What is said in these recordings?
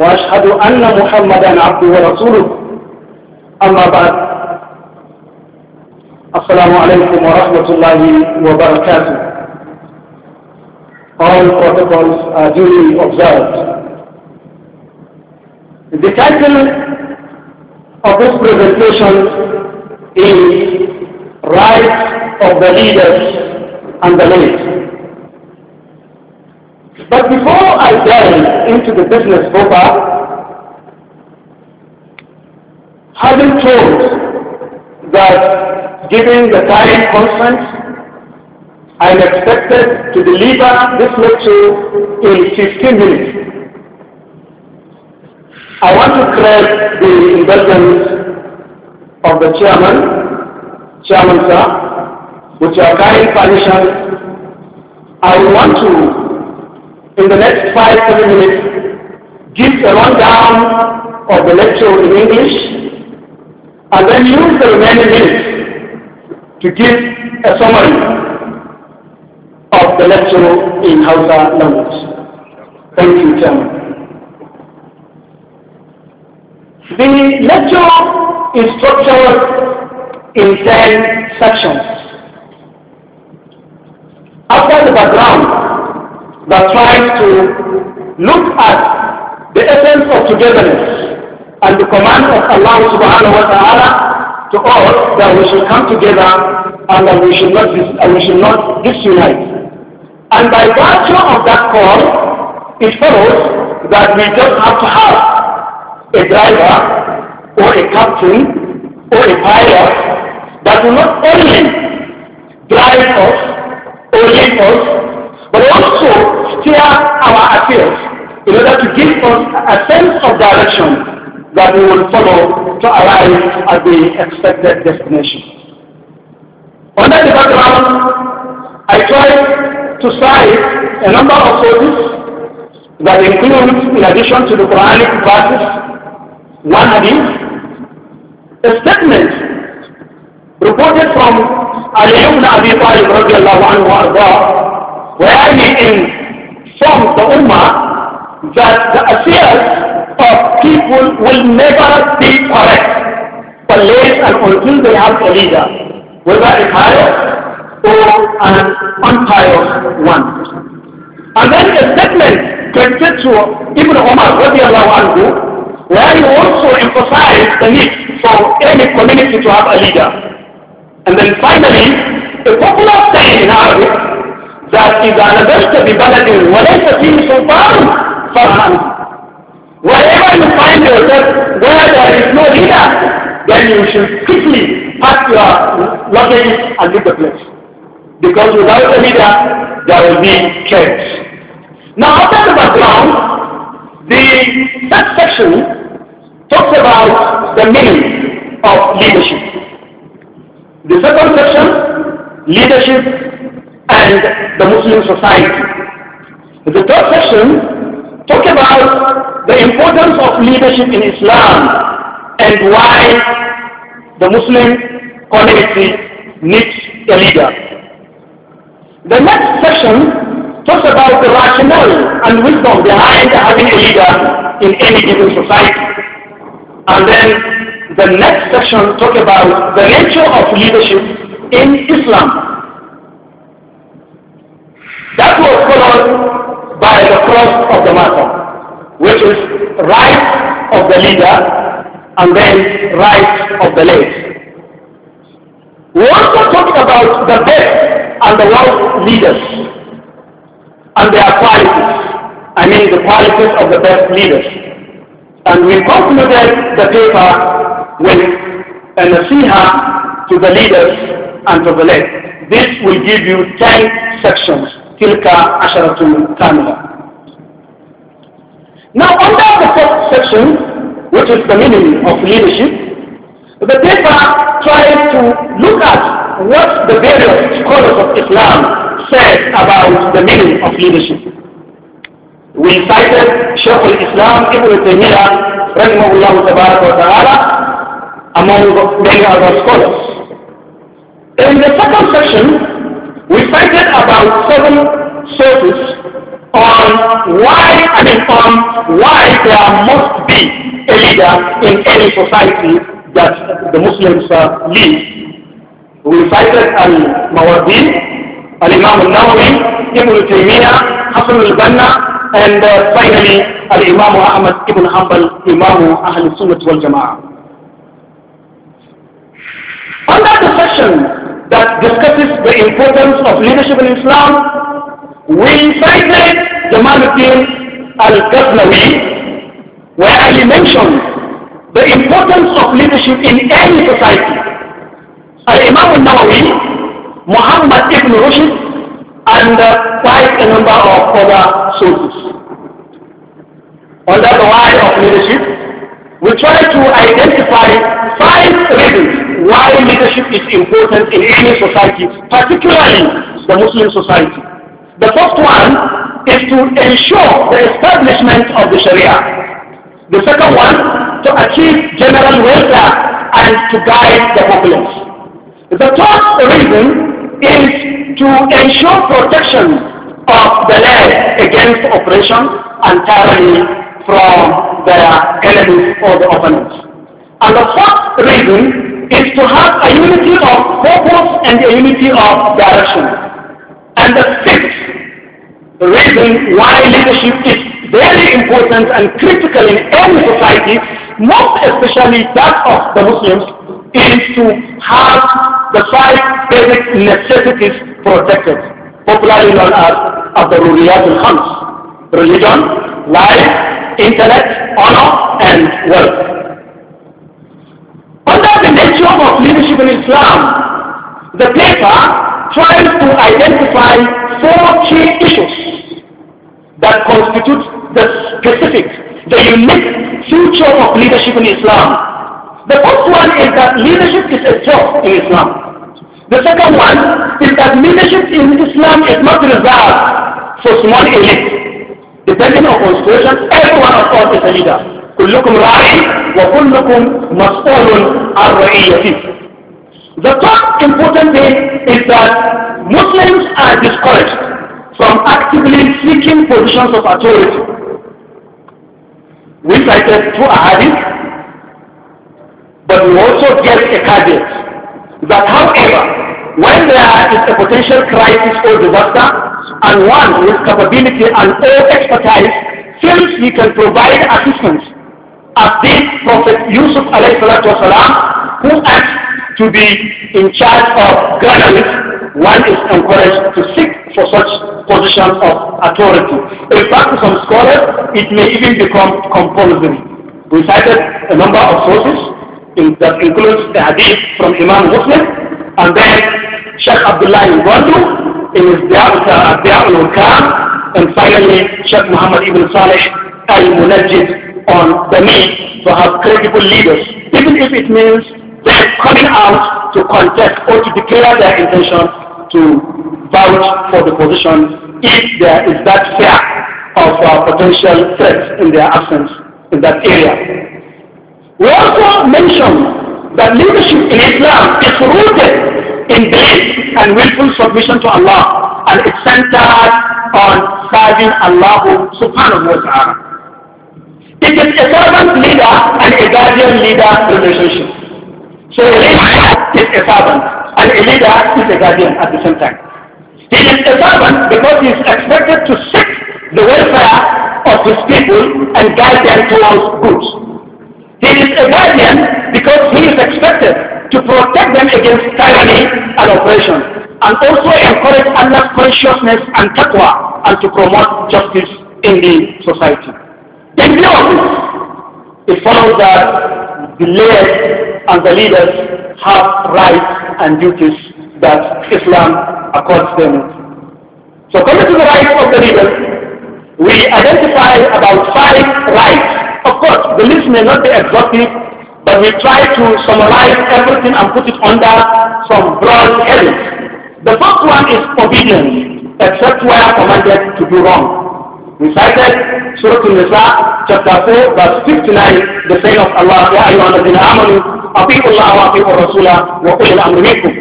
وأشهد أن محمدا عبده ورسوله أما بعد السلام عليكم ورحمة الله وبركاته All protocols are duly observed. The title of this presentation is Rights of the Leaders and the Late. But before I dive into the business proper, having told that given the time constraints, I am expected to deliver this lecture in 15 minutes. I want to credit the indulgence of the chairman, chairman sir, with your kind permission. I want to in the next five, seven minutes, give a rundown of the lecture in English, and then use the remaining minutes to give a summary of the lecture in Hausa language. Thank you, Chairman. The lecture is structured in 10 sections. After the background, that tries to look at the essence of togetherness and the command of Allah subhanahu wa ta'ala to us that we should come together and that we should not, dis- we should not disunite. And by virtue of that call, it follows that we don't have to have a driver or a captain or a pilot that will not only drive us or lead us but also steer our affairs in order to give us a sense of direction that we will follow to arrive at the expected destination. Under the background, I tried to cite a number of sources that include, in addition to the Quranic verses, one hadith, a statement reported from Ali ibn Abi Talib radiallahu anhu Quranic in from the Ummah that the affairs of people will never be correct unless and until they have a leader, whether a pious or an unpious one. And then a statement connected to Ibn Umar radiallahu anhu, where he also emphasized the need for any community to have a leader. And then finally, a popular saying in Arabic that إذا نزلت ببلد وليس فيه سلطان فارحم Wherever you find yourself where there is no leader, then you should quickly pack your luggage and leave the place. Because without a leader, there will be chaos. Now after the background, the third section talks about the meaning of leadership. The second section, leadership and the Muslim society. The third section talk about the importance of leadership in Islam and why the Muslim community needs a leader. The next section talks about the rationale and wisdom behind having a leader in any given society. And then the next section talk about the nature of leadership in Islam that was followed by the cross of the martyr, which is right of the leader and then right of the late. We also talked about the best and the worst leaders and their qualities. I mean the qualities of the best leaders. And we concluded the paper with an nasiha to the leaders and to the late. This will give you 10 sections تلك عشرة كاملة Now under the first section, which is the meaning of leadership, the paper tries to look at what the various scholars of Islam said about the meaning of leadership. We cited Shaykh al-Islam Ibn Taymiyyah, rahimahullah ta'ala, among many other scholars. In the second section, we cited about seven sources on why, I mean, on why there must be a leader in any society that the Muslims uh, live. We cited Al-Mawardi, Al-Imam al-Nawawi, Ibn Taymiyyah, Hassan al-Banna, and uh, finally Al-Imam Ahmad Ibn Hanbal, Imam Ahl Sunnah wal Jama'ah. Under the section that discusses the importance of leadership in Islam, we cited Jamaluddin al-Ghaznawi, where he mentioned the importance of leadership in any society. Al-Imam al-Nawawi, Muhammad ibn Rushd, and uh, quite a number of other sources. Under the why of leadership, we try to identify five reasons why leadership is important in any society, particularly the Muslim society. The first one is to ensure the establishment of the Sharia. The second one, to achieve general welfare and to guide the populace. The third reason is to ensure protection of the land against oppression and tyranny from the enemies or the opponents. And the fourth reason is to have a unity of purpose and a unity of direction. And the sixth reason why leadership is very important and critical in any society, most especially that of the Muslims, is to have the five basic necessities protected, popularly known as the al Hams: religion, life, intellect, honor, and wealth. in Islam. The paper tries to identify four key issues that constitute the specific, the unique future of leadership in Islam. The first one is that leadership is a job in Islam. The second one is that leadership in Islam is not reserved for small elite. Depending on constitution, everyone of us is a leader. كلكم راعي وكلكم مسؤول عن رعيته. The third important thing is that Muslims are discouraged from actively seeking positions of authority. We cited two ahadith, but we also get a caveat that however, when there is a potential crisis or disaster, and one with capability and all expertise feels he can provide assistance, as did Prophet Yusuf alayhi salatu wasalam, who asked to be in charge of government, one is encouraged to seek for such positions of authority. In fact, some scholars, it may even become compulsory. We cited a number of sources in, that includes the hadith from Imam Muslim, and then Sheikh Abdullah Ibn in his Diyar al-Hukam, and finally Sheikh Muhammad Ibn Saleh al-Munajjid on the need to have credible leaders, even if it means then coming out to contest or to declare their intention to vouch for the position if there is that fear of uh, potential threats in their absence in that area. We also mentioned that leadership in Islam is rooted in belief and willful submission to Allah and it's centered on serving Allah subhanahu wa ta'ala. It is a servant leader and a guardian leader relationship. So a leader is a servant, and a leader is a guardian at the same time. He is a servant because he is expected to seek the welfare of his people and guide them towards good. He is a guardian because he is expected to protect them against tyranny and oppression, and also encourage Allah's consciousness and taqwa, and to promote justice in the society. In view of this, it follows that the layers and the leaders have rights and duties that Islam accords them. So coming to the rights of the leaders, we identify about five rights. Of course, the list may not be exhaustive, but we try to summarize everything and put it under some broad headings. The first one is obedience, except where commanded to do wrong. We cited Surah Al-Nisa, chapter 4, verse 59, the saying of Allah, Ya ayyuha alladhina amanu, ati'u Allah wa ati'u Rasulah wa ulil amri minkum.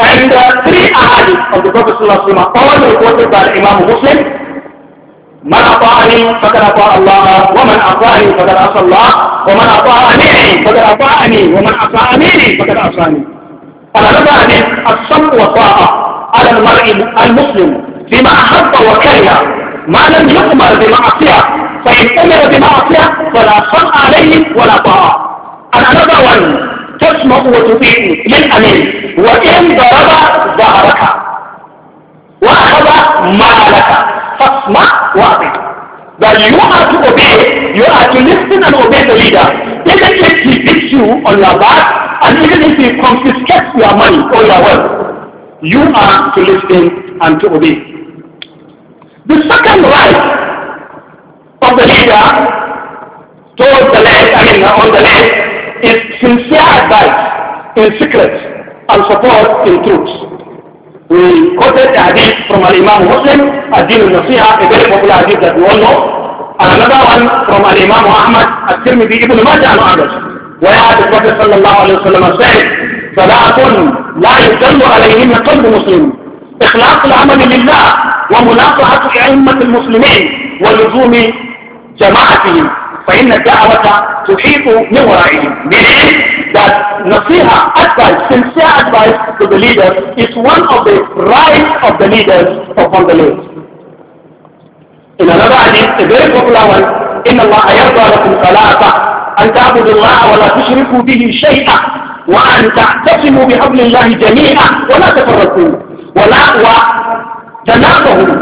And uh, three ahadith of the Prophet Sallallahu Alaihi Wasallam, all reported by Imam Muslim, من أطاعني فقد أطاع الله ومن أطاعني فقد أطاع الله ومن أطاعني فقد أطاعني ومن أطاعني فقد أطاعني على نبأ الصبر والطاعة على المرء المسلم فيما أحب وكره ما لم يؤمر بمعصية فإن أمر بمعصية فلا صنع عليه ولا طاعة another one تسمع وتطيع للأمين وإن ضرب ظهرك وأخذ مالك فاسمع وأطيع That you are to obey, you are to listen and obey the leader. Even if he beats you on your back, and even if he confiscates your money or your wealth, you are to listen and to obey. leader told the land, I mean on the land, is sincere advice in secret and support in truth. We quoted the hadith from al Imam Muslim, Ad-Din al-Nasiha, a very popular hadith that we all know, and another one from al Imam Ahmad, At-Tirmidhi, Ibn Majah and others, where the Prophet sallallahu alayhi wa sallam said, صلاة لا يجل عليهن قلب مسلم إخلاص العمل لله ومناصحة أئمة المسلمين ولزوم جماعتهم فإن الدعوة تحيط من ورائهم meaning that nasiha advice sincere advice to the leaders is one of the rights of the leaders upon the list in another hadith a very popular one إن الله يرضى لكم ثلاثة أن تعبدوا الله ولا تشركوا به شيئا وأن تعتصموا بحبل الله جميعا ولا تفرقوا ولا وتناقضوا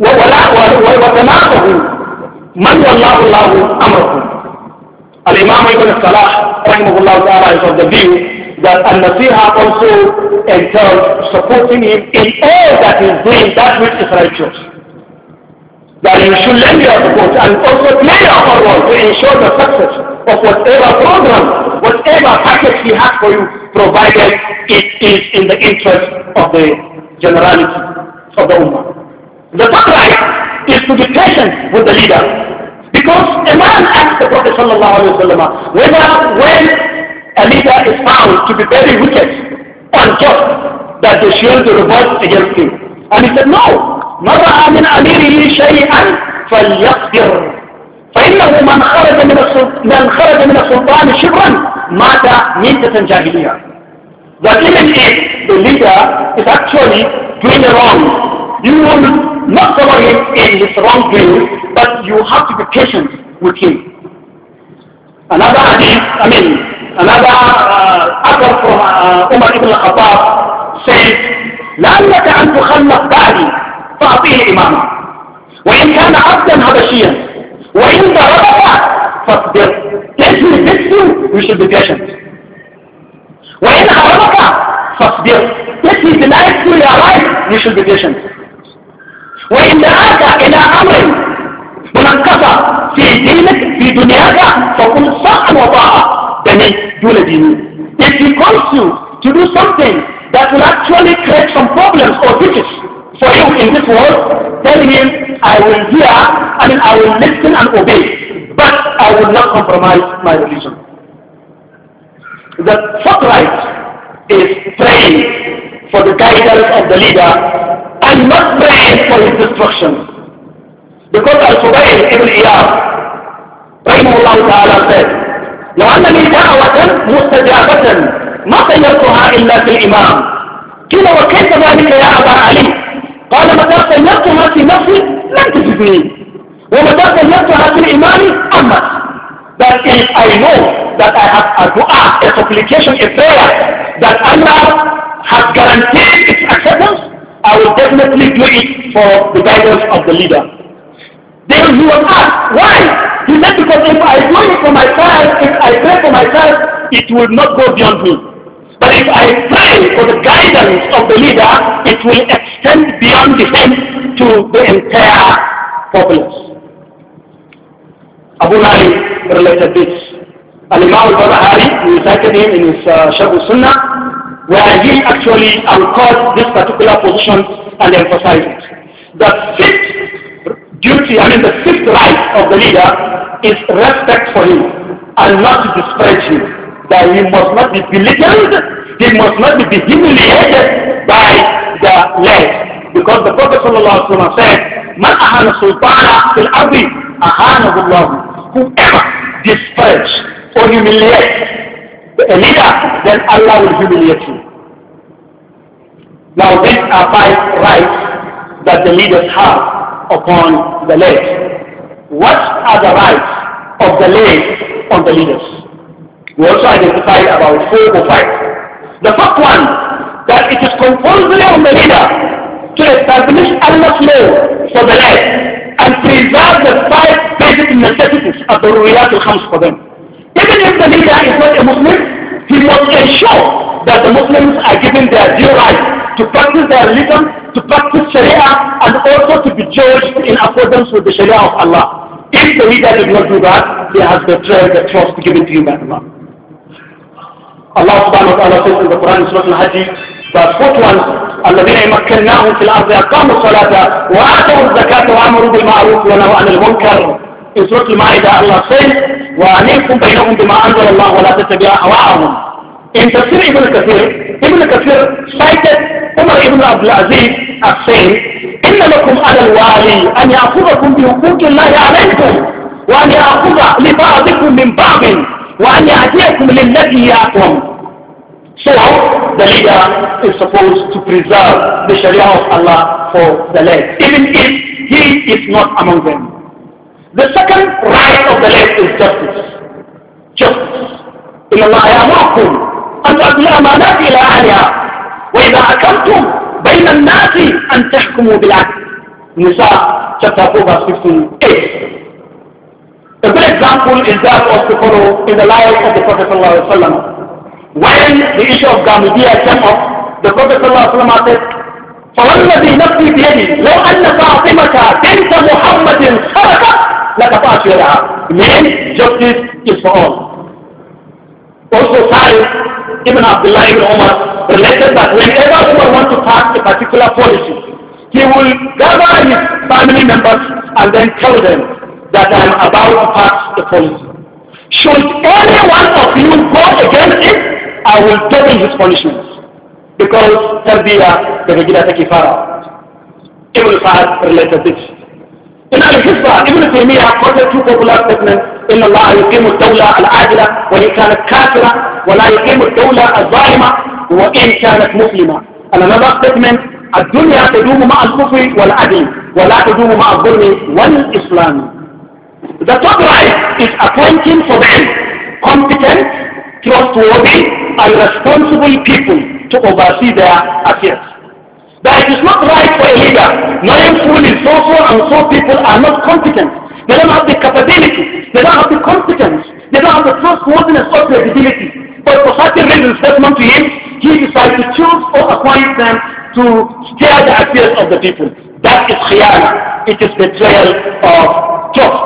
ولا وتناقضوا من والله الله أمركم الإمام ابن Salah رحمه الله تعالى is of the view that al-Nasiha also entails supporting him in all that he is doing that which is righteous. That you should lend your support and also play your role to ensure the success of whatever program, whatever package he has for you, provided it is in the interest of the generality of the Ummah. The third right is to be patient with the leader because a man asked the Prophet sallallahu whether when a leader is found to be very wicked, unjust, that they should revolt against him. And he said, no. مَرَعَ مِنْ أَمِيرِهِ شَيْئًا فَلْيَصْبِرْ فإنه من خرج من من خرج من السلطان شبرا مات ميتة جاهلية. That even if the leader is actually doing wrong, you will not somebody in his view, but you have to be patient with him. Another hadith, I mean, another uh, author from uh, Umar ibn al-Khattab says, لعلك أن تخلف بعدي فأعطيه الإمامة وإن كان عبدا حبشيا وإن ضربك فاصبر تجري نفسه you should be patient وإن حرمك فاصبر تجري denies to your life you should be patient وإن دعاك إلى أمر منكفة في دينك في دنياك فكن صاحب وطاعة then do ديني If he calls you to do something that will actually create some problems or glitches for you in this world, tell him, I will hear, I mean, I will listen and obey, but I will not compromise my religion. The fourth right is praying for the guidance of the leader and not praying for his destruction. Because Al-Subayr ibn Iyad, رحمه الله تعالى said, لو أن لي دعوة مستجابة ما سيرتها إلا في الإمام. قيل وكيف ذلك يا أبا علي؟ قال متى سيرتها في نفسي لم تجدني. ومتى سيرتها في الإمام أمت. That is, I know that I have a dua, a supplication, a prayer that Allah has guaranteed its acceptance I will definitely do it for the guidance of the leader. Then he was asked, why? He said, because if I do it for myself, if I pray for myself, it will not go beyond me. But if I pray for the guidance of the leader, it will extend beyond him to the entire populace. Abu Nari related this. Al-Imam al-Barahari, we recited him in his uh, Shabu Sunnah, where he actually anchored this particular position and emphasized it. The fifth duty, I mean the fifth right of the leader is respect for him and not to disparage him. That he must not be belittled, he must not be humiliated by the led. Because the Prophet ﷺ said, Man ahana sultana fil ardi, ahana Whoever disparages or humiliates a leader, then Allah will humiliate you. Now these are five rights that the leaders have upon the lay. What are the rights of the lay on the leaders? We also identified about four or five. The first one, that it is compulsory on the leader to establish Allah's law for the lay and preserve the five basic necessities of the reality al-Khams for them. Even if the leader is not a Muslim, he must ensure that the Muslims are given their due rights to practice their religion, to practice Sharia, and also to be judged in accordance with the Sharia of Allah. If the leader did not do that, he has betrayed the trust given to him by Allah. الله سبحانه وتعالى في القرآن سورة الحج verse 41 الذين مكناهم في الأرض أقاموا الصلاة وآتوا وأمروا بالمعروف ونهوا عن المنكر in says وعليكم بينهم بما أنزل الله ولا تتبع أواعهم In تفسير Ibn Kathir, Ibn Kathir cited Umar Ibn عبد Aziz as saying, إن لكم على الوالي أن يأخذكم بحقوق الله عليكم وأن يأخذ لبعضكم من بعض وأن يأتيكم للذي يأكم So the leader is supposed to preserve the Sharia of Allah for the land, even if he is not among them. The second right of the left is justice. Justice. إن الله يأمركم أن تؤدي الأمانات إلى أهلها وإذا حكمتم بين الناس أن تحكموا بالعدل. النساء chapter 4 verse 58. A good example is that of the follow in the life of the Prophet صلى الله عليه وسلم. When the issue of Gamidiya came up, the Prophet صلى الله وسلم said, فوالذي نفسي بيدي لو أن فاطمة بنت محمد سرقت لقطعت يدها من justice is for all also Sahih Ibn Abdullah Ibn Omar related that whenever Umar wants to pass a particular policy, he will gather his family members and then tell them that I am about to pass the policy. Should any one of you go against it, I will double his punishment. because tarbiya daga gida take fara ibn sa'ad related this in al-hisba ibn taymiya quoted two popular statements inna allah yuqimu ad-dawla al-adila wa in kanat kafira مسلمه and another statement الدنيا تدوم مع الكفر والعدل ولا تدوم مع الظلم والإسلام The top right is appointing for them competent, trustworthy and responsible people to oversee their affairs. That it is not right for a leader, knowing fully so so and so people are not competent. They don't have the capability, they don't have the competence, they don't have the trustworthiness or credibility. But for certain reasons statement to him, he decides to choose or appoint them to steer the affairs of the people. That is khiyana. It is betrayal of trust.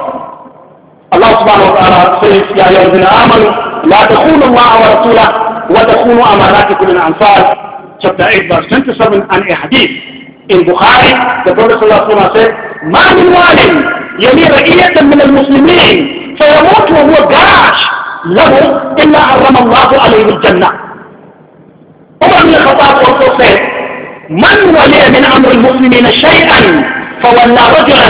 Allah subhanahu wa ta'ala says, وتكون أماناتكم الأنصار chapter 8 verse 27 and a hadith in Bukhari the Prophet صلى الله عليه وسلم said ما من وال يلي رئية من المسلمين فيموت وهو جاش له إلا حرم الله عليه الجنة عمر بن الخطاب also من ولي من أمر المسلمين شيئا فولى رجلا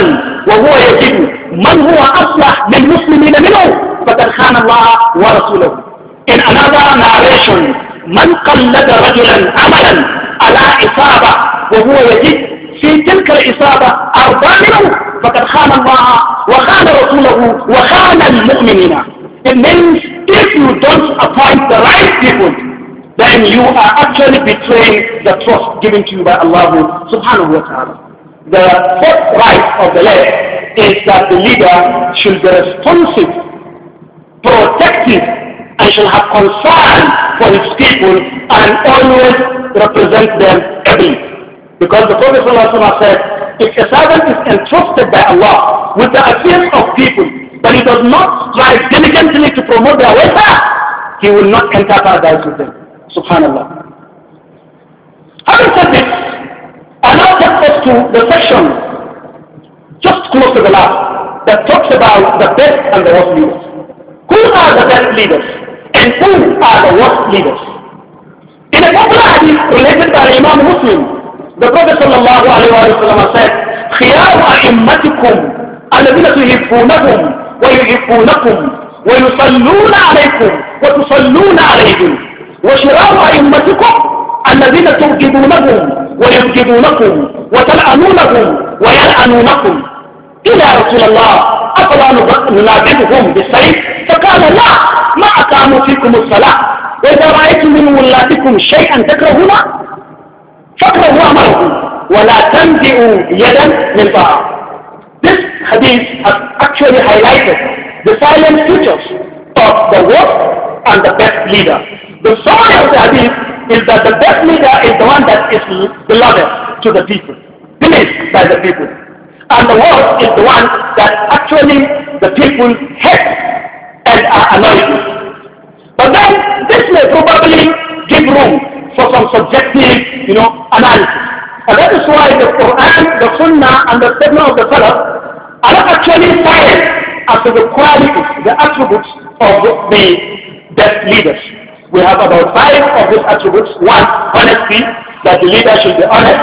وهو يجد من هو أصلح للمسلمين منه فقد خان الله ورسوله In another narration, من قلد رجلا عملا على إصابة وهو يجد في تلك الإصابة أرضا منه فقد خان الله وخان رسوله وخان المؤمنين It means if you don't appoint the right people then you are actually betraying the trust given to you by Allah subhanahu wa ta'ala. The fourth right of the left is that the leader should be responsive, protective I shall have concern for his people and always represent them Every Because the Prophet ﷺ said, if a servant is entrusted by Allah with the affairs of people, but he does not strive diligently to promote their welfare, he will not enter paradise with them. Subhanallah. Having said this, I now take us to the section just close to the last that talks about the best and the worst leaders. Who are the best leaders? and who are the worst leaders. In a popular hadith related by Imam Muslim, the Prophet sallallahu alayhi wa sallam said, خيار أئمتكم الذين تُهِفُّونَهُمْ وَيُهِفُّونَكُمْ ويصلون عليكم وتصلون عليهم وشرار أئمتكم الذين تبجدونهم ويبجدونكم وتلعنونهم ويلعنونكم يا رسول الله أفلا ننادبهم بالسيف فقال لا ما أقاموا فيكم الصلاة وإذا رأيتم من ولاتكم شيئا تكرهون فاكرهوا أمرهم ولا تنزئوا يدا من طاعة This hadith has actually highlighted the silent features of the worst and the best leader. The story of the hadith is that the best leader is the one that is beloved to the people, believed by the people. And the worst is the one that actually the people hate and are annoyed with. But then this may probably give room for some subjective, you know, analysis. And that is why the Quran, the Sunnah, and the statement of the Salaf are not actually tied as to the qualities, the attributes of the best leaders. We have about five of these attributes. One, honesty, that the leader should be honest.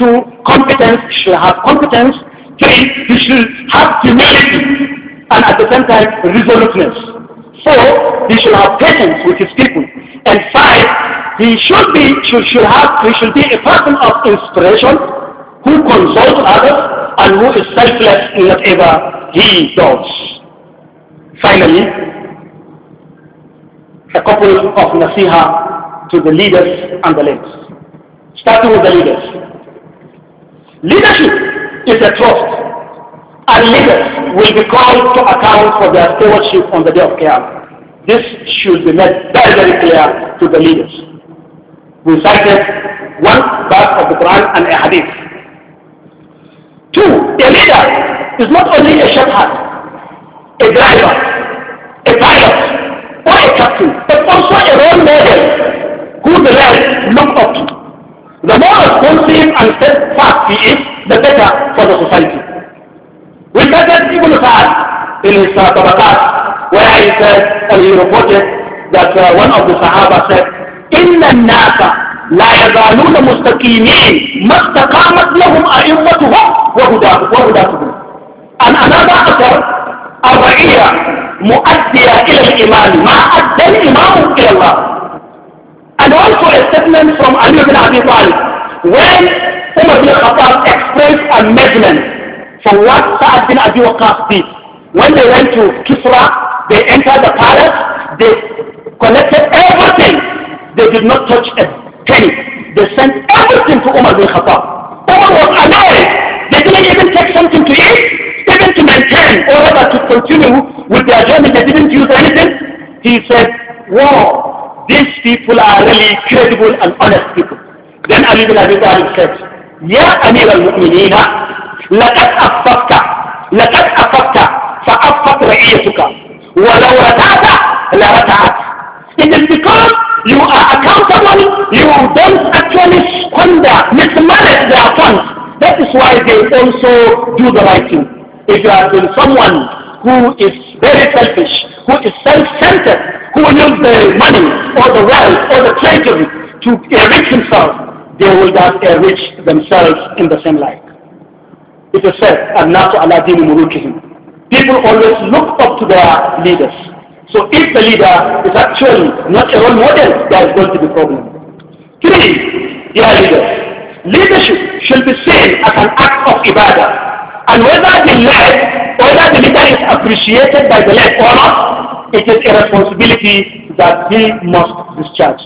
Two, competence, should have competence change, he should have humility and at the same time resoluteness. Four, he should have patience with his people. And five, he should be should, should have he should be a person of inspiration who consults others and who is selfless in whatever he does. Finally, a couple of nasiha to the leaders and the leaders. Starting with the leaders. Leadership is a trust. And leaders will be called to account for their stewardship on the day of care. This should be made very, very clear to the leaders. We cited one verse of the Quran and a hadith. Two, a leader is not only a shepherd, a driver, a pilot, or a captain, but also a role model who the rest look up to. The more responsive and steadfast he is, the better for the society. We started Ibn Sa'ad in his uh, Tabakat, where he said, and he reported that uh, one of the Sahaba said, إِنَّ النَّاسَ لَا يَزَالُونَ مُسْتَقِيمِينَ مَا اسْتَقَامَتْ لَهُمْ أَئِمَّتُهُمْ وَهُدَاتُهُمْ And another author, الرَّئِيَّة مؤدية إلى الإيمان ما أدى الإمام إلى الله. And also a statement from Ali ibn Abi Talib, when Umar bin Khattab expressed amazement for what Sa'ad bin Abi Waqqas did. When they went to Kisra, they entered the palace, they collected everything. They did not touch a penny. They sent everything to Umar bin Khattab. Umar was annoyed. They didn't even take something to eat, even to maintain, or rather to continue with their journey. They didn't use anything. He said, wow, these people are really credible and honest people. Then Ali bin Abi Talib said, يا أمير المؤمنين لقد أفقت لقد أفقت فأفقت رعيتك ولو رتعت لرتعت It is because you are accountable, you don't actually squander, mismanage their funds. That is why they also do the right thing. If you are been someone who is very selfish, who is self-centered, who will use the money or the wealth or the treasury to enrich himself, they will not enrich themselves in the same light. It is said, Al-Nasu ala dini murukihim. People always look up to their leaders. So if the leader is actually not a role model, there is going to be problem. Three, dear leaders, leadership should be seen as an act of ibadah. And whether the led, whether the leader is appreciated by the led or not, it is a responsibility that he must discharge.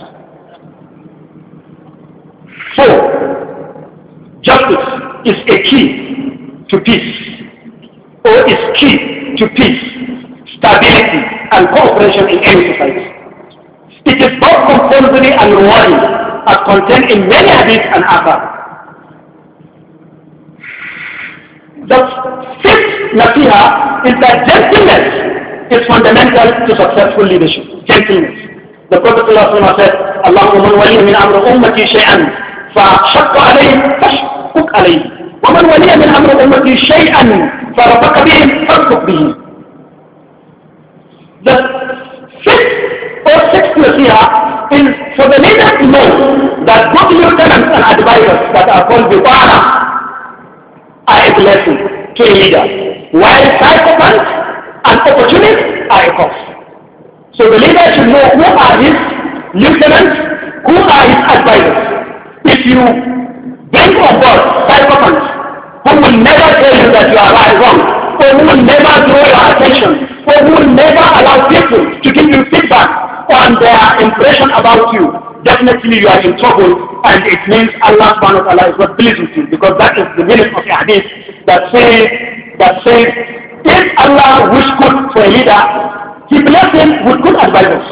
Four, justice is a key to peace, or is key to peace, stability, and cooperation in any society. It is both compulsory and rewarding, as contained in many habits and other. The fifth nafiha is that gentleness is fundamental to successful leadership. Gentleness. The Prophet ﷺ said, "Allahumma من ولي من أمر فشق عليه فاشقق عليه ومن ولي من أمر أمتي شيئا فرفق به فارفق به The fifth or sixth nasiha is for the leader to know that good lieutenants and advisors that are called Vipara are a blessing to a leader, while psychopaths and opportunists are a cost. So the leader should know who are his lieutenants, who are his advisors. If you bend for God, psychopaths, who will never tell you that you are right wrong, who will never draw your attention, who will never allow people to give you feedback on their impression about you, definitely you are in trouble and it means Allah subhanahu wa ta'ala is not pleased with you because that is the meaning of the hadith that says that says if Allah wish good for a leader, he bless him with good advisors.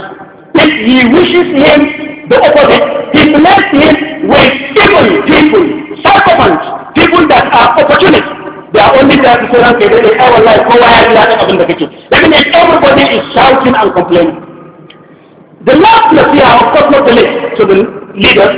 If he wishes him The opposite. He blessed him with evil people, sarcophants, people that are opportunists. They are only there to say, okay, they in our life, go ahead, let us open the kitchen. That means everybody is shouting and complaining. The last lesson of course not the least, to the leaders,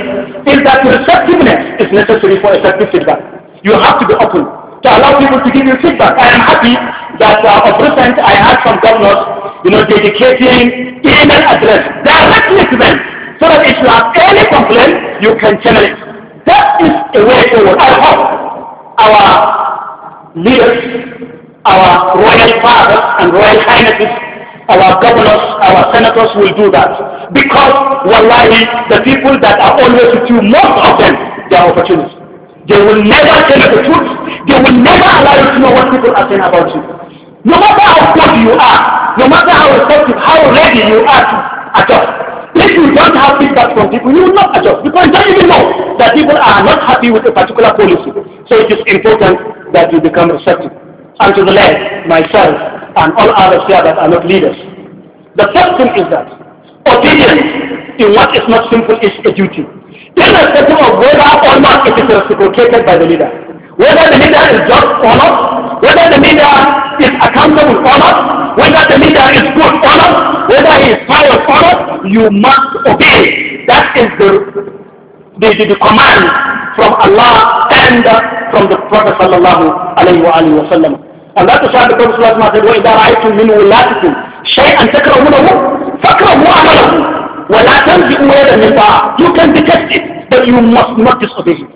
is that receptiveness is necessary for effective feedback. You have to be open to allow people to give you feedback. I am happy that uh, of recent I had some governors, you know, dedicating email address directly to them so that if you have any complaint, you can channel it. That is the way forward. I hope our leaders, our royal fathers and royal highnesses, our governors, our senators will do that. Because, wallahi, the people that are always with you, most of them, they are opportunists. They will never tell you the truth. They will never allow you to know what people are saying about you. No matter how good you are, no matter how effective, how ready you are to adjust, if you don't have feedback from people, you will not adjust because you don't even know that people are not happy with a particular policy. So it is important that you become receptive. And to the left, myself and all others here that are not leaders. The first thing is that obedience in what is not simple is a duty. Irrespective of whether or not it is reciprocated by the leader. Whether the leader is just or not, whether the leader is accountable for us, whether the leader is good for us, whether he is pious for us, you must obey. That is the, the, the, the command from Allah and from the Prophet sallallahu alayhi wa alayhi wa sallam. And that is why the Prophet sallallahu alayhi wa sallam said, وَإِذَا رَأَيْتُمْ مِنْ وُلَاتِكُمْ شَيْئًا تَكْرَهُونَهُ فَكْرَهُوا عَمَلَهُ وَلَا تَنْزِئُوا يَدًا مِنْ طَاعَةٍ You can detest it, but you must not disobey it.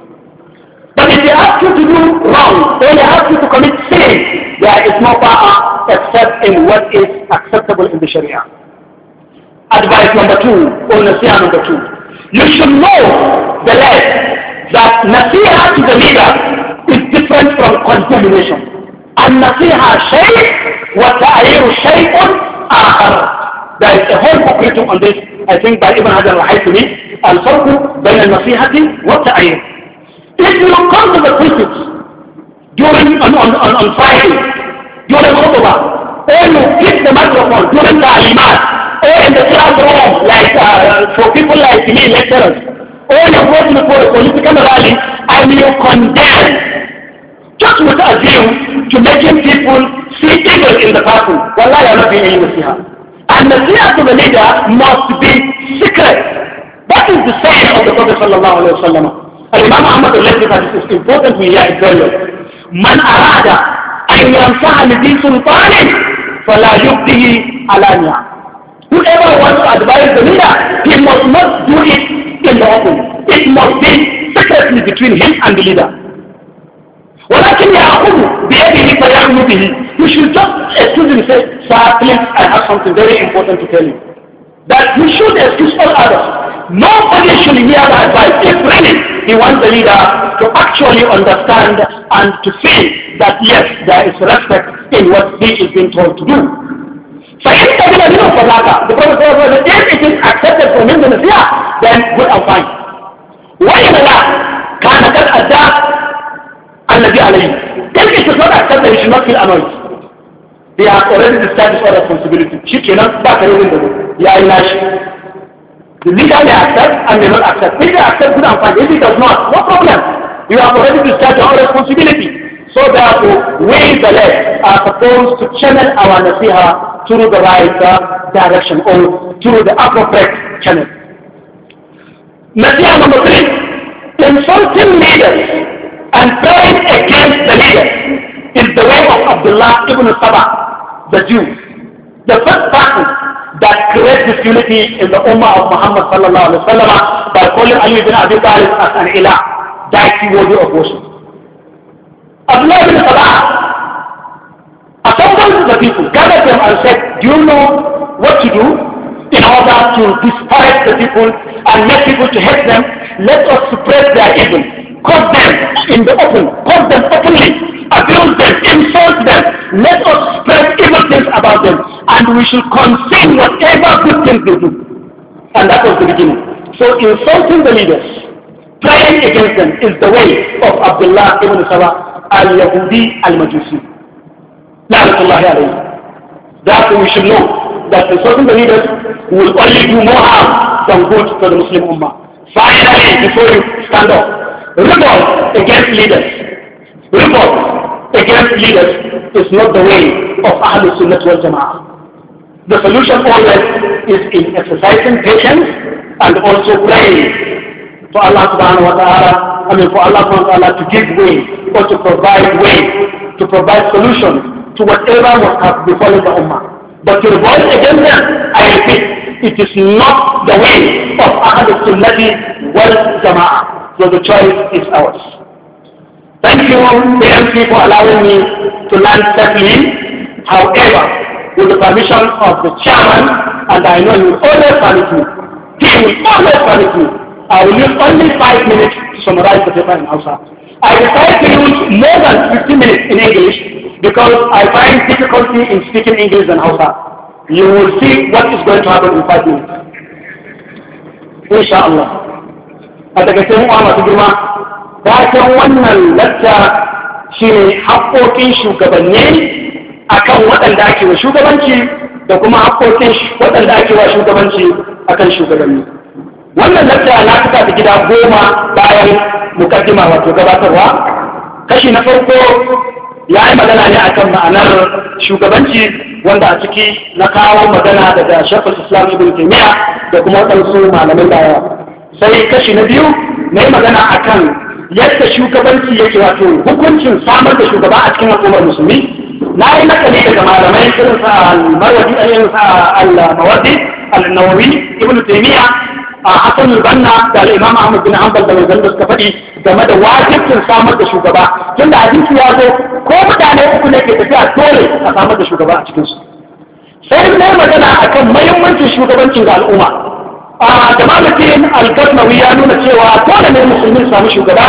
But if they ask you to do wrong, or they ask you to commit sin, there is no power except in what is acceptable in the Sharia. Advice number two, or nasiha number two. You should know the less that nasiha to the leader is different from condemnation. contamination. النصيحة شيء وتعيير on آخر There is a whole curriculum on this I think by Ibn Hajar al-Haythami الفرق بين النصيحة والتعيير If you come to the principles during on, on, on, on Friday, during October, or you hit the microphone during the Alimat, or in the classroom, like uh, for people like me, lecturers, or you go to the political rally and you condemn, just with a view to making people see evil in the person. Wallahi, I'm not being any nasiha. And the fear to the leader must be secret. That is the saying of the Prophet sallallahu alayhi wa sallam. And Imam Ahmad al this is important we hear it very well. من أراد أن ينفعني بسلطان فلا يبديه علانية Whoever wants to advise the leader, he must not do it in the open. It must be secretly between him and the leader. ولكن يعقوب بيده فيعلم به. You should just excuse him say, Sir, please, I have something very important to tell you. That you should excuse all others. Nobody should hear the advice. If really he wants the leader to actually understand and to see that yes, there is respect in what he is being told to do. So if منه is the Prophet said if it is accepted from him the yeah, then good and fine وإلا كان قد أدى النبي عليه if it is not accepted he should not feel annoyed he has already discharged his responsibility She cannot back away yin it. ya yi nashi the leader may accept and may not accept if they accept good and fine if he does not no problem are have already discharged our responsibility. So that we the left are supposed to channel our nasiha through the right uh, direction or through the appropriate channel. Nasiha number three, insulting leaders and praying against the leaders is the way of Abdullah ibn Sabah, the Jew. The first person that creates unity in the Ummah of Muhammad sallallahu alayhi wa sallam by calling Ali ibn Abi Talib as an ilah deity worthy of worship. Abdullah bin Salah assembled the people, gathered them and said, do you know what to do in order to disparage the people and make people to hate them? Let us suppress their evil, cut them in the open, cut them openly, abuse them, insult them. Let us spread evil things about them and we should consume whatever good things they do. And that was the beginning. So insulting the leaders, Praying against them is the way of Abdullah ibn Salah al-Yahudi al-Majusi. Therefore we should know that the certain believers will only do more harm than good to the Muslim Ummah. Finally, before you stand up, rebel against leaders. Rebel against leaders is not the way of Ahlul Sunnah wal Jama'ah. The solution always is in exercising patience and also praying for Allah subhanahu wa ta'ala, I mean for Allah subhanahu wa ta'ala to give way or to provide way, to provide solutions to whatever was have befallen the Ummah. But to revolt against them, I repeat, it is not the way of Ahad al-Sunnati wal Jama'ah. So the choice is ours. Thank you, BMC, for allowing me to land safely. However, with the permission of the chairman, and I know you will always permit me, he will always permit me I will use only five minutes to summarize the paper in Hausa. I decide to use more than fifty minutes in English because I find difficulty in speaking English and Hausa. You will see what is going to happen in five minutes. Inshallah. A daga sai uwa masu girma, bayan wannan latta shi ne haƙoƙin shugabanni a kan waɗanda ake wa shugabanci da kuma haƙoƙin waɗanda ake wa shugabanci a kan shugabanni. wannan lakta na kasa ta gida goma bayan mukaddima wato gabatarwa kashi na farko ya yi magana ne akan ma'anar shugabanci wanda a ciki na kawo magana daga shafin islam ibn taymiya da kuma waɗansu malamin da sai kashi na biyu na yi magana akan yadda shugabanci yake wato hukuncin samar da shugaba a cikin al'ummar musulmi na yi nakali daga malamai irin sa al-marwazi irin sa al-mawardi al-nawawi ibn taymiya a hasan banna da imam ahmad bin hanbal da wanzan da suka faɗi game da wajibcin samar da shugaba tunda hadisi ya zo ko mutane uku ne ke tafiya dole a samar da shugaba a cikinsu sai ne magana akan muhimmancin shugabancin ga al'umma a da malakin alkarnawi ya nuna cewa dole ne musulmi samu shugaba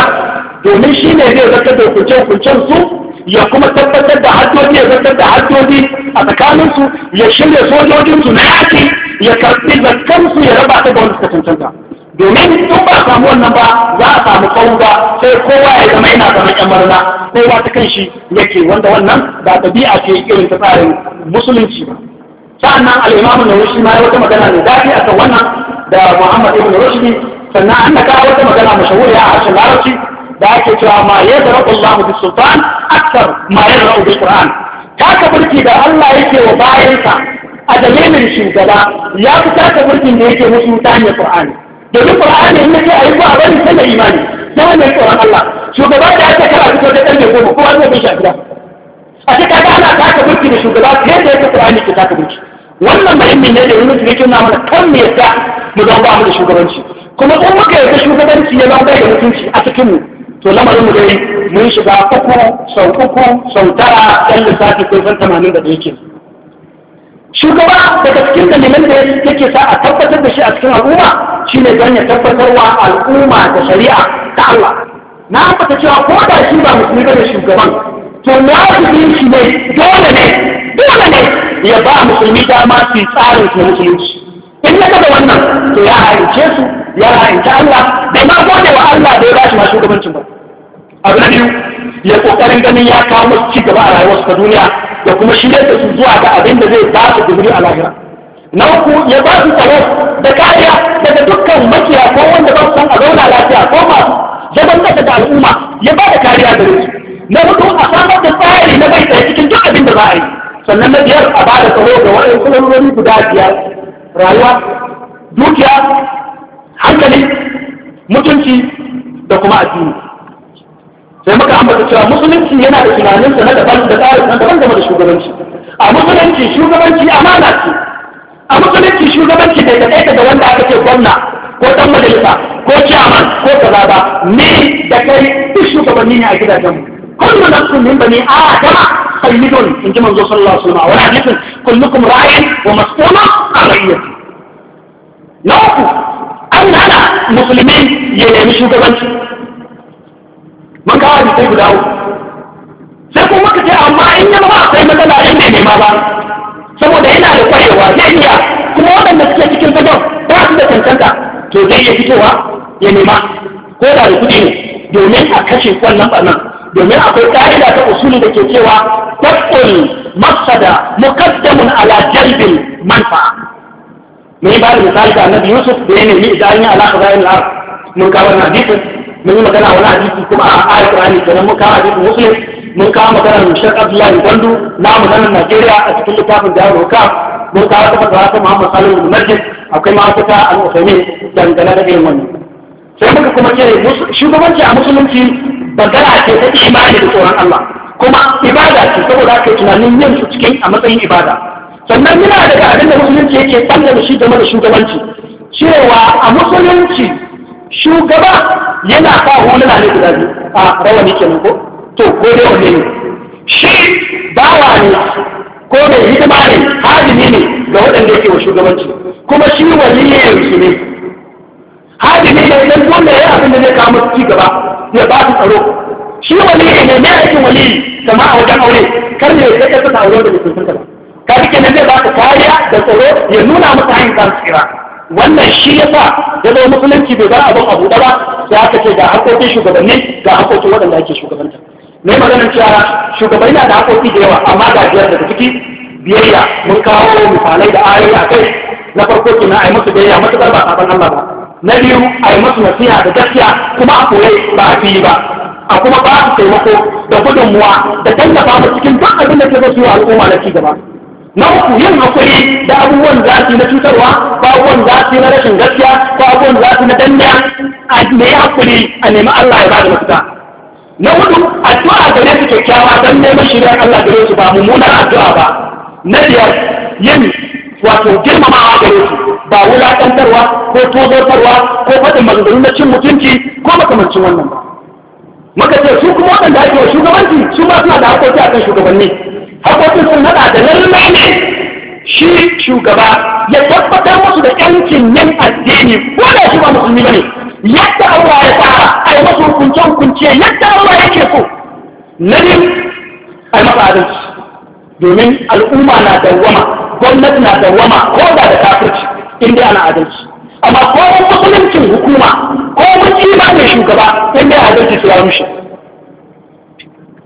domin shi ne zai zartar da hukunce-hukuncen su ya kuma tabbatar da haddodi ya zartar da haddodi a tsakaninsu ya shirya sojojinsu na yaƙi. ya da kansu ya raba ta da wanda suka cancanta domin in ba samu wannan ba za a samu ba, sai kowa ya zama yana zaman yan marna kowa ta kan shi yake wanda wannan ba ɗabi'a ce irin ta tsarin musulunci ba sa'annan al-imamu nawawi ma ya wata magana ne daɗi akan wannan da Muhammad ibn Rushdi sannan an kawo wata magana mashahuri a harshen Larabci da ake cewa ma yadra'u Allahu bis-sultan akthar ma yadra'u bil-Qur'an ta kabarki da Allah yake wa bayansa a dalilin shugaba ya fi taka mulkin da yake musu ta hanyar Qur'ani domin Qur'ani in yake ayi ko a bari sai da imani ta hanyar tsoron Allah shugaba da aka kara fito da ɗan goma ko an zai shi a cikin kaga ana taka mulki da shugaba fiye da yake Qur'ani ke taka mulki wannan muhimmin ne da yi musu yake nuna mana kan me yasa mu zama ba mu da shugabanci kuma in muka yadda shugabanci ya zama da mutunci a cikin mu to lamarin mu dai mun shiga uku sau uku sau tara ɗan lissafi ko san tamanin da yake shugaba daga cikin dalilan da yake sa a tabbatar da shi a cikin al'umma shine don ya tabbatar wa al'umma da shari'a ta Allah na ambata cewa ko da shi ba musulmi ba da shugaban to wajibi shi ne dole ne dole ne ya ba musulmi dama su tsarin su musulunci in ya da wannan to ya haince su ya haince Allah bai ma gode wa Allah da ya ba shi ma shugabancin ba abu na biyu ya kokarin ganin ya kawo ci gaba a rayuwarsa ta duniya da kuma shirya da su zuwa ga abin da zai ba su guzuri a lahira na uku ya ba su tsaro da kariya daga dukkan makiya ko wanda ba su san a zauna lafiya ko masu zaman kasa da al'umma ya ba da kariya da su na hudu a samar da tsari na bai tsaye cikin duk abin da ba a yi sannan na biyar a ba da tsaro ga waɗansu lalurori guda biyar rayuwa dukiya hankali mutunci da kuma addini sai muka ambata cewa musulunci yana da tunaninsa na daban da tsarin na daban game da shugabanci a musulunci shugabanci amana ce a musulunci shugabanci bai kaɗaita da wanda aka ce gwamna ko ɗan majalisa ko ciyaman ko kaza ba ne da kai duk shugabanni ne a gidajen mu kullu nafsin min bani adama sayyidun in ji manzo sallallahu alaihi wasallam wani hadisin kullukum ra'in wa mas'ulun an ra'iyati na uku an hana musulmi ya nemi shugabanci mun kawo hadisai guda uku sai kuma muka ce amma in yana ba akwai matsala in bai nema ba saboda yana da kwarewa zai iya kuma waɗanda suke cikin fagen ba su da cancanta to zai iya fitowa ya nema ko da da kuɗi ne domin a kashe wannan ɓarnan domin akwai ƙa'ida ta usuli da ke cewa tafkul mafsada mukaddamun ala jalbin manfa'a mun ba da misali ga annabi yusuf da ya nemi idan ya alaka bayan al'ar mun kawo na hadisin mun yi magana wani hadisi kuma a ayat rani kenan mun kawo hadisin muslim mun kawo maganar shek abdullahi gwandu na maganar najeriya a cikin littafin jihar roka mun kawo ta fatawa ta muhammad salihu masjid akwai mafita al'usaimin dangane da irin wannan sai muka kuma ce shugabanci a musulunci bagara ce ta imani da tsoron allah kuma ibada ce saboda aka yi tunanin yin su cikin a matsayin ibada sannan yana daga abin da musulunci yake ɓangare shi game da shugabanci cewa a musulunci shugaba yana sa huluna ne guda biyu a rawani kenan ko to ko dai wanne ne shi bawa ne ko mai hidima ne hadimi ne ga waɗanda yake wa shugabanci kuma shi waliyin su ne hadimi ne zan wanda ya abin da zai kawo masu ci gaba ya ba su tsaro shi wani ne ne aikin wani kama a wajen aure kar ne ya kai ta aure da mutum ka ba ka kenan zai ba ka kariya da tsaro ya nuna masa hanyar kan tsira wannan shi ya sa ya zama musulunci bai bar abin abu ba sai aka ce ga haƙoƙin shugabanni ga haƙoƙin waɗanda ake shugabanta mai maganin cewa shugabanni na da hakoki da yawa amma ga biyar daga ciki biyayya mun kawo misalai da ayoyi a kai na farko kina a yi musu biyayya matuƙar ba saban Allah ba na biyu a yi musu nasiha da gaskiya kuma a koyi ba a fili ba a kuma ba su taimako da gudunmuwa da tallafa cikin duk abin da ke zai al'umma na ci gaba na uku yin hakuri da abubuwan za su na cutarwa ko abubuwan za su na rashin gaskiya ko abubuwan za su na danniya a ya hakuri a nemi Allah ya ba da mafita na hudu addu'a gare su kyakkyawa don neman shirin Allah gare su ba mummunar addu'a ba na biyar yin wato girmamawa gare su ba wulaƙantarwa ko tozartarwa ko faɗin maganganu na cin mutunci ko makamancin wannan ba muka ce su kuma waɗanda ake wa shugabanci su ma suna da haƙoƙi akan shugabanni Hakokin sun hada da lallai shi shugaba ya tabbatar musu da yankin yan addini ko da shi ba musulmi ne. yadda Allah ya fara a yi masu hukunce hukunce yadda Allah ke so na biyu a yi masa adalci domin al'umma na dawwama gwamnati na dawwama ko da da kafirci in ana adalci amma ko musuluncin hukuma ko mun mai shugaba in ya adalci su ya rushe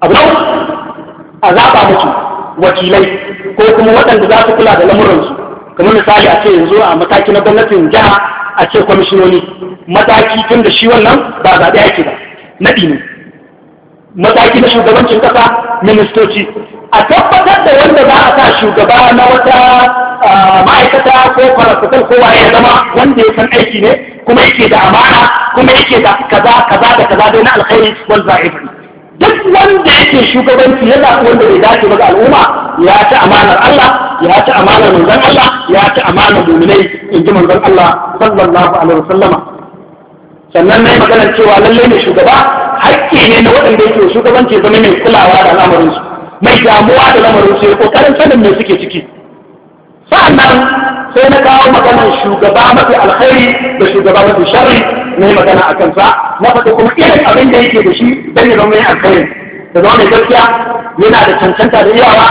abu na a zaɓa mutu wakilai ko kuma waɗanda za su kula da lamuransu kamar misali a ce yanzu a mataki na gwamnatin jiha a ce kwamishinoni mataki tun da shi wannan ba zaɓe ake ba naɗi ne mataki na shugabancin ƙasa ministoci a tabbatar da wanda za a sa shugaba na wata ma'aikata ko kwarafatar kowa ya zama wanda ya san aiki ne kuma yake da amana kuma yake da kaza kaza da kaza dai na alkhairi wal za'ibi duk wanda yake shugabanci ya zaɓi wanda bai dace ba ga al'umma ya ci amanar Allah ya ci amanar manzon Allah ya ci amanar mu'minai in ji manzon Allah sallallahu alaihi wasallama sannan nayi maganar cewa lalle ne shugaba hakki ne na waɗanda yake shugabanci zama mai kulawa da al'amarin su mai damuwa da lamarin su ya kokarin sanin me suke ciki sa'annan sai na kawo maganar shugaba mafi alkhairi da shugaba mafi shari na yi magana a kansa na faɗi kuma irin abin da yake da shi don ya zama yin alkhairi da zama mai gaskiya yana da cancanta da yawa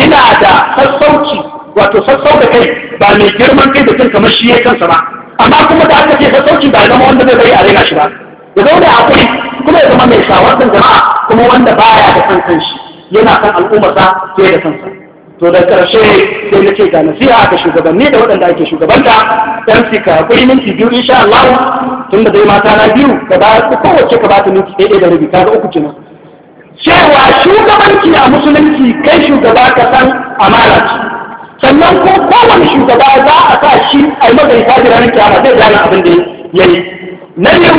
yana da sassauci wato sassau da kai ba mai girman kai da kan kamar shi ya kansa ba amma kuma da aka ce sassauci ba a zama wanda zai a raina shi ba ya zama a akwai kuma ya zama mai da jama'a kuma wanda baya da kan kanshi yana kan al'ummarsa fiye da kansa to da karshe sai na ga nasiha ga shugabanni da waɗanda ake shugabanta ɗan sika akwai minti biyu insha Allah tun da dai mata na biyu ka ba su kowace ka ba ta minti ɗaya da rabi kaga uku kina cewa shugabanci a musulunci kai shugaba ka san amana sannan ko kowane shugaba za a sa shi a yi magana ta jira na zai gane abin da ya yi na biyu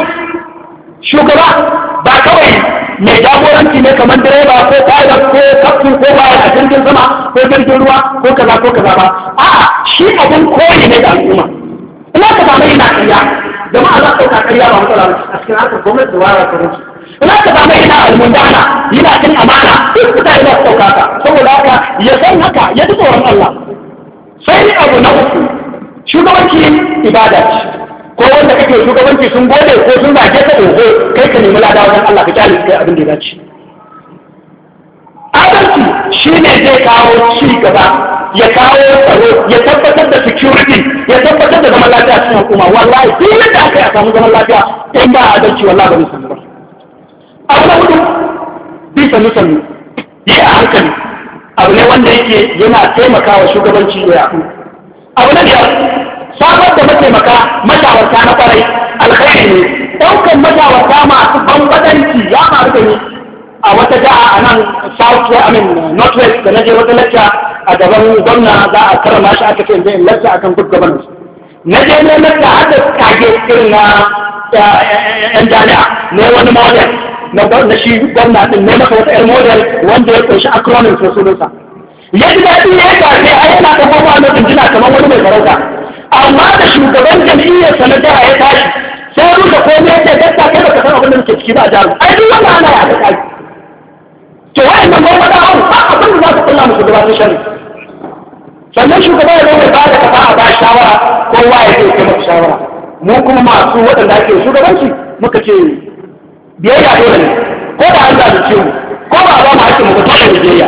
shugaba ba kawai mai jagoranci ne kamar direba ko pilot ko kaftin ko ba a jirgin sama ko jirgin ruwa ko kaza ko kaza ba a'a shi abun koyi ne ga al'umma ina ka samu ina ƙarya jama'a za su ɗauka kariya ba matsala a cikin harkar gwamnati da wayar ta wuce ina ka samu ina almundana ina cin amana duk mutane za su ɗauka ka saboda haka ya san haka ya ji tsoron Allah sai abu na uku shugabanci ibada ce ko wanda kake shugabanci sun gode ko sun zage ka oho kai ka nemi ladawa don Allah ka kyale kai abin da ya dace adalci shine zai kawo ci gaba ya kawo tsaro ya tabbatar da security ya tabbatar da zaman lafiya cikin hukuma wallahi duk da aka a samu zaman lafiya in ba adalci wallahi ba zai ba abu na hudu bi sannu sannu yi a hankali abu ne wanda yake yana taimakawa shugabanci ya yaku abu na biyar samar da mataimaka mashawarta na kwarai alkhairi ne ɗaukan mashawarta masu bambadanci ya faru da ni a wata ja'a a nan south I mean northwest da na je wata lacca a gaban gwamna za a karama shi aka ce in in lacca akan good governance na je ne lacca har da kage irin na yan jami'a ne wani model na shi gwamna din ne maka wata yan model wanda ya kunshi acronym sai sunansa ya ji daɗi ya gaje a yana kan babu annabi jina kamar wani mai farauta amma da shugaban jam'iyyar sanata ya tashi sai da komai yadda ya gasta kai baka san abin da muke ciki ba a jaru ai duk wannan ana ya ta kai to wa'annan mai wada hau ba abin da za su kulla musu gabanin shari sannan shugaba ya zama ba da kafa a ba shawara kowa ya ce maka shawara mu kuma masu waɗanda ake shugabanci muka ce biyayya dole ne ko da an zalunce mu ko ba ba mu hakkin mu ba ta biyayya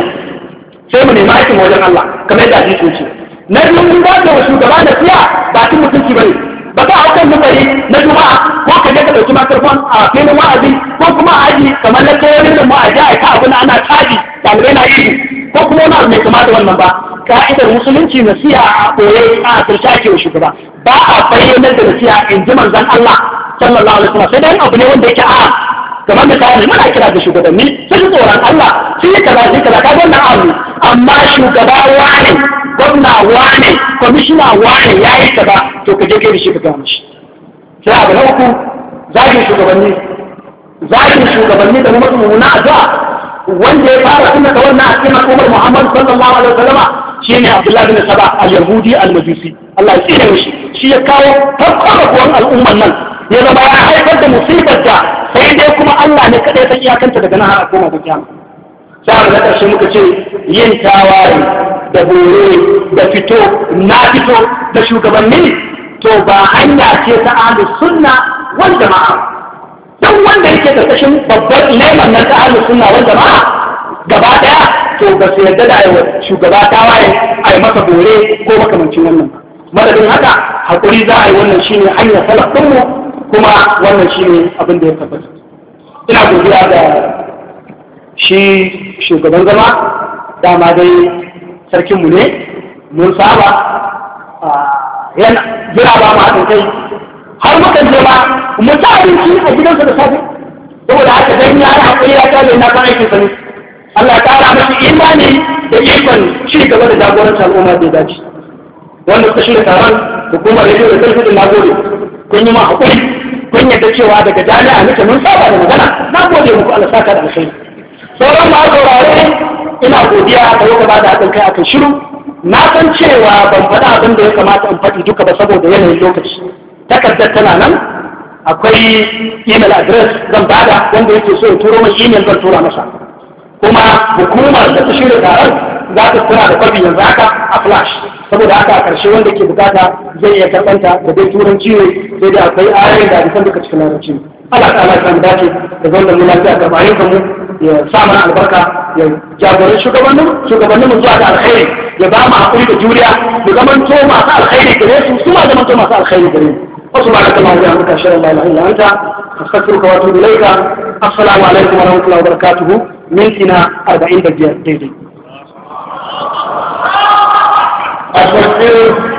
sai mu nemi hakkin wajen Allah kamar yadda hadisi ce na biyu mun ba da wa shugaba da siya ba cin mutunci bane ba ka haukan mutane na juma'a ko ka je ka ɗauki makarfon a filin wa'azi ko kuma a aji kamar na tsohon da mu a ka abu na ana caji ɗalibai na iri ko kuma wani abu mai kama da wannan ba ka'idar musulunci na siya a koyar a ƙarshe ake wa shugaba ba a bayyanar da nasiha in ji manzan Allah sallallahu alaihi wasallam sai dai abu ne wanda yake a kamar misali muna kira da shugabanni sun tsoron Allah sun yi kaza yi kaza ka wannan abu amma shugaba wani gwamna wane kwamishina wane ya yi ta ba to ka je kai da shi ka gama shi sai abu na uku zagin shugabanni zagin shugabanni da kuma mummuna addu'a wanda ya fara sunna da wannan a cikin al'ummar Muhammad sallallahu alaihi shi ne Abdullahi bin Saba al-Yahudi al-Majusi Allah ya tsire shi shi ya kawo kuwan al'ummar nan ya zama ya haifar da musibar da sai dai kuma Allah ne kadai san iyakanta daga nan har a koma da kiyama za mu ƙarshe muka ce yin tawaye da bore da fito na fito da shugabanni to ba hanya ce ta alu sunna wal jama'a Don wanda yake da kashin babban neman na ta alu sunna wal jama'a gaba daya to ba su yarda da shugaba tawaye a yi masa bore ko makamancin wannan ba? madadin haka hakuri za a yi wannan shine hanyar salafinmu mu kuma wannan shine abin da ya tabbata ina godiya da shi shugaban zama dama dai sarkinmu ne mun saba yana jira ba mu haɗin kai har mukan je ba mu ta abinci a gidansa da safe saboda haka dan ya yi haƙuri ya kare na kan aikin sani Allah ya kara masa imani da ikon shi gaba da jagorancin al'umma da dace wanda suka shirya taron hukumar rediyo da kai na nagode kun yi ma haƙuri kun yadda cewa daga jami'a muke mun saba da magana na gode muku Allah saka da alheri sauran ma saurare ina godiya da yau gaba da haɗin kai akan shiru na san cewa ban faɗa abin da ya kamata in faɗi duka ba saboda yanayin lokaci takardar tana nan akwai email address zan bada wanda yake so ya turo mai email zan tura masa kuma hukumar da ta shirya taron za ta tura da kwafi yanzu haka a flash saboda haka a ƙarshe wanda ke bukata zai iya karɓanta da dai turanci ne sai da akwai ayoyin da a duka cikin larabci Allah ta Allah ta mu dace da zan da mu lafiya ga ayyukan mu ya albarka ya jagoran shugabannin shugabannin zuwa alkhairi ya ba mu hakuri da juriya mu zaman to masu alkhairi gare su su ma zaman to masu alkhairi gare mu ba اللهم وبحمدك اشهد ان لا اله الا انت استغفرك واتوب اليك السلام عليكم ورحمه الله وبركاته ملكنا 40 دقيقه أستغفرك